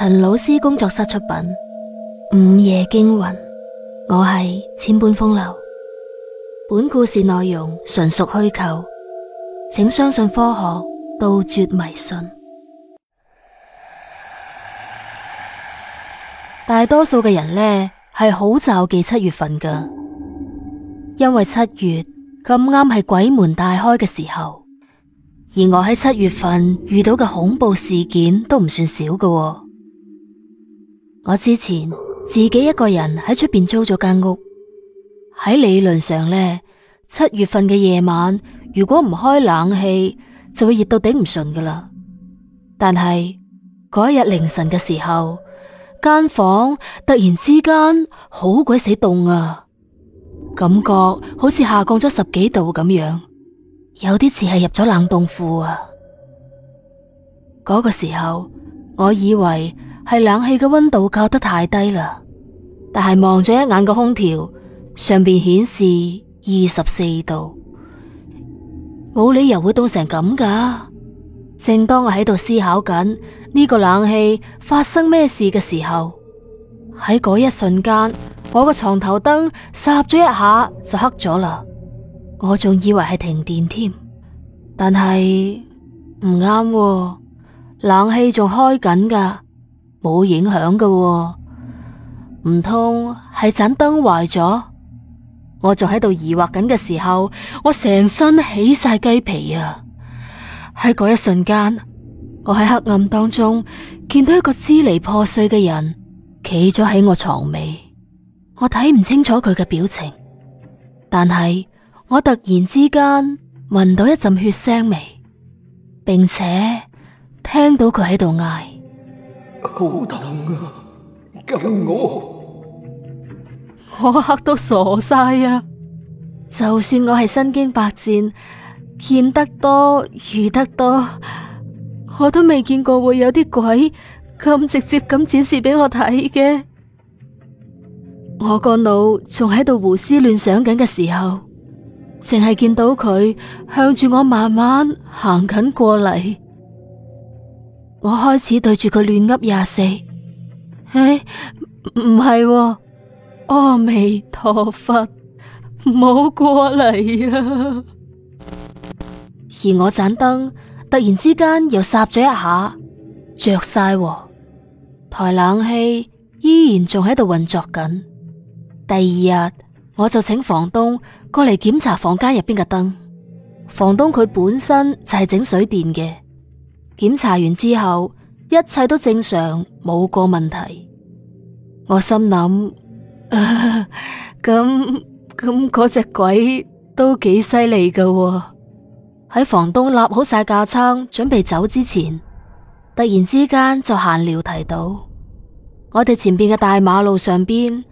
陳老師工作室出品《午夜驚魂》，我係千般風流。本故事內容純屬虛構，請相信科學，杜絕迷信。 大多數嘅人呢係好咒忌七月份噶因為七月咁啱係鬼門大開嘅時候，而我喺七月份遇到嘅恐怖事件都唔算少噶、哦。我之前自己一個人喺出邊租咗間屋，喺理論上呢，七月份嘅夜晚如果唔開冷氣，就會熱到頂唔順噶啦。但係嗰一日凌晨嘅時候，間房突然之間好鬼死凍啊，感覺好似下降咗十幾度咁樣，有啲似係入咗冷凍庫啊。嗰個時候我以為。係冷氣嘅温度較得太低啦，但係望咗一眼個空調上邊顯示二十四度，冇理由會凍成咁噶。正當我喺度思考緊呢個冷氣發生咩事嘅時候，喺嗰一瞬間，我個床頭燈霎咗一下就黑咗啦，我仲以為係停電添，但係唔啱，冷氣仲開緊噶。冇影響㗎喎，唔通係盞燈壞咗？我仲喺度疑惑緊嘅時候，我成身起晒雞皮啊！喺嗰一瞬間，我喺黑暗當中見到一個支離破碎嘅人企咗喺我床尾，我睇唔清楚佢嘅表情，但係我突然之間聞到一陣血腥味，並且聽到佢喺度嗌。好痛啊！救我！我嚇到傻晒啊！就算我係身經百戰，見得多，遇得多，我都未見過會有啲鬼咁直接咁展示俾我睇嘅。我個腦仲喺度胡思亂想緊嘅時候，淨係見到佢向住我慢慢行緊過嚟。我開始對住佢亂噏廿四，唉，唔係喎，阿彌陀佛，唔好過嚟啊！而我盞燈突然之間又霎咗一下，着晒。哦，台冷氣依然仲喺度運作緊。第二日我就請房東過嚟檢查房間入邊嘅燈，房東佢本身就係整水電嘅。檢查完之後，一切都正常，冇個問題。我心諗，咁咁嗰隻鬼都幾犀利㗎喎。喺房東立好晒架撐，準備走之前，突然之間就閒聊提到，我哋前邊嘅大馬路上邊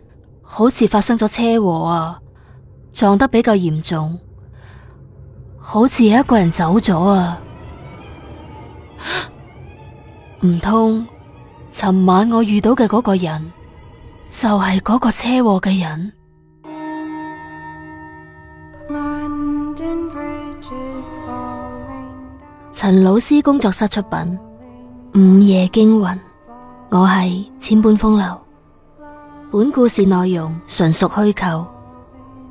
好似發生咗車禍啊，撞得比較嚴重，好似有一個人走咗啊。唔通，尋晚我遇到嘅嗰個人就係嗰個車禍嘅人。陳老師工作室出品《午夜驚魂》，我係千般風流。本故事內容純屬虛構，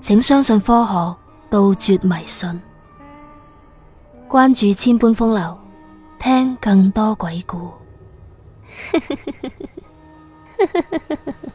請相信科學，杜絕迷信。關注千般風流。聽更多鬼故。